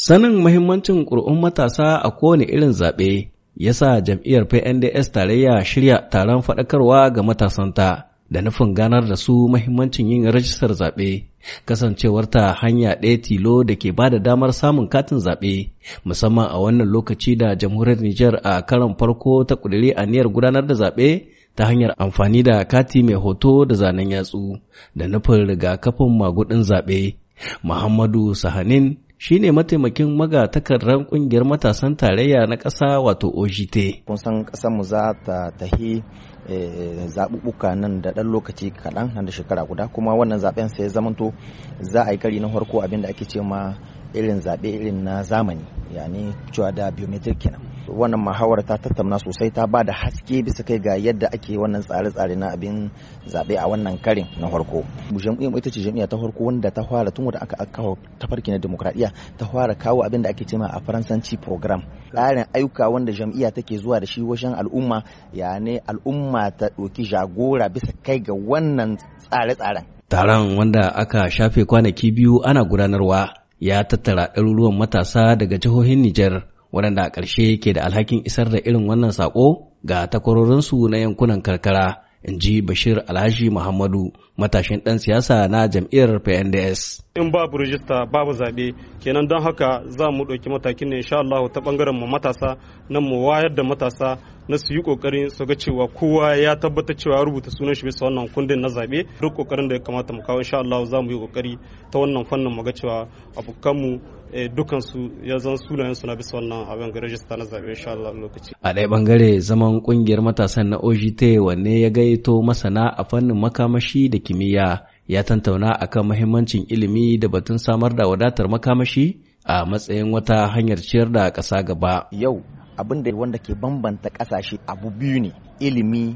Sanin mahimmancin ƙuri'un matasa a kowane irin zaɓe ya sa jam'iyyar PNDS tarayya shirya taron faɗakarwa ga matasanta da nufin ganar da su mahimmancin yin rajistar zaɓe, kasancewarta hanya ɗaya tilo da ke ba da damar samun katin zaɓe, musamman a wannan lokaci da jamhuriyar Nijar a karon farko ta a niyyar gudanar da zaɓe ta hanyar amfani da kati mai hoto da zanen yatsu da nufin rigakafin magudin zaɓe. Muhammadu Sahanin shine mataimakin magatakardar kungiyar matasan tarayya na ƙasa wato OJT. Kun san ƙasar mu za ta tahi eh, zaɓuɓɓuka nan da ɗan lokaci kaɗan nan da shekara guda kuma wannan zaɓen sai zamanto za a yi kari na farko abinda ake ce ma irin zaɓe irin na zamani yani cewa da biometric kenan wannan Mahawara ta tattauna sosai ta ba da haske bisa kai ga yadda ake wannan tsare-tsare na abin zaɓe a wannan karin na farko jam'iyyar ita ce jam'iyya ta farko wanda ta fara tun wanda aka kawo tafarki na demokradiyya ta fara kawo abin da ake cema a faransanci program tsarin ayyuka wanda jam'iyya take zuwa da shi wajen al'umma ya ne al'umma ta ɗauki jagora bisa kai ga wannan tsare-tsaren taron wanda aka shafe kwanaki biyu ana gudanarwa ya tattara ɗaruruwan matasa daga jihohin Nijar waɗanda a ƙarshe ke da alhakin isar da irin wannan saƙo ga takwarorinsu na yankunan karkara in ji bashir alhaji muhammadu matashin ɗan siyasa na jam'iyyar pnds in babu rijista babu zaɓe kenan don haka za mu ɗauki matakin ne insha allahu ta ɓangaren mu matasa nan mu wayar da matasa na su yi kokarin su ga cewa kowa ya tabbata cewa ya rubuta sunan shi bisa wannan kundin na zabe duk kokarin da ya kamata mu kawo insha Allah za mu yi kokari ta wannan fannin mu ga cewa abokanmu eh, dukan su ya zan sunayen su na bisa wannan abin ga rajista na zabe insha Allah lokaci a ɗaya bangare zaman kungiyar matasan na OJT wanne ya gaito masana a fannin makamashi da kimiyya ya tantauna akan mahimmancin ilimi da batun samar da wadatar makamashi a matsayin wata hanyar ciyar da ƙasa gaba yau abin da wanda ke bambanta kasashe abu biyu ne ilimi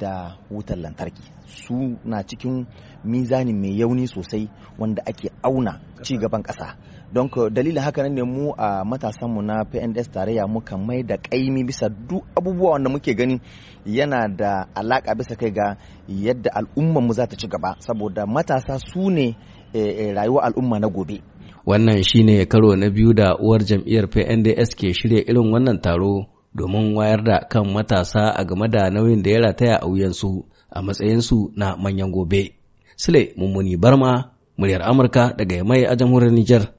da wutar lantarki su na cikin mizani mai yauni sosai wanda ake auna ci gaban ƙasa don dalilin haka ne mu a matasanmu na pns tarayya muka mai da ƙaimi bisa duk abubuwa wanda muke gani yana da alaƙa bisa kai ga yadda al'ummarmu za ta ci gaba saboda matasa su ne eh, eh, rayuwar al'umma na gobe Wannan shi ne karo na biyu da uwar jam'iyyar PNDS ke shirya irin wannan taro domin wayar da kan matasa a game da nauyin da ya rataya a wuyansu a matsayinsu na manyan gobe. Sule Mummuni Barma, muryar Amurka daga Yamai a jamhuriyar Nijar.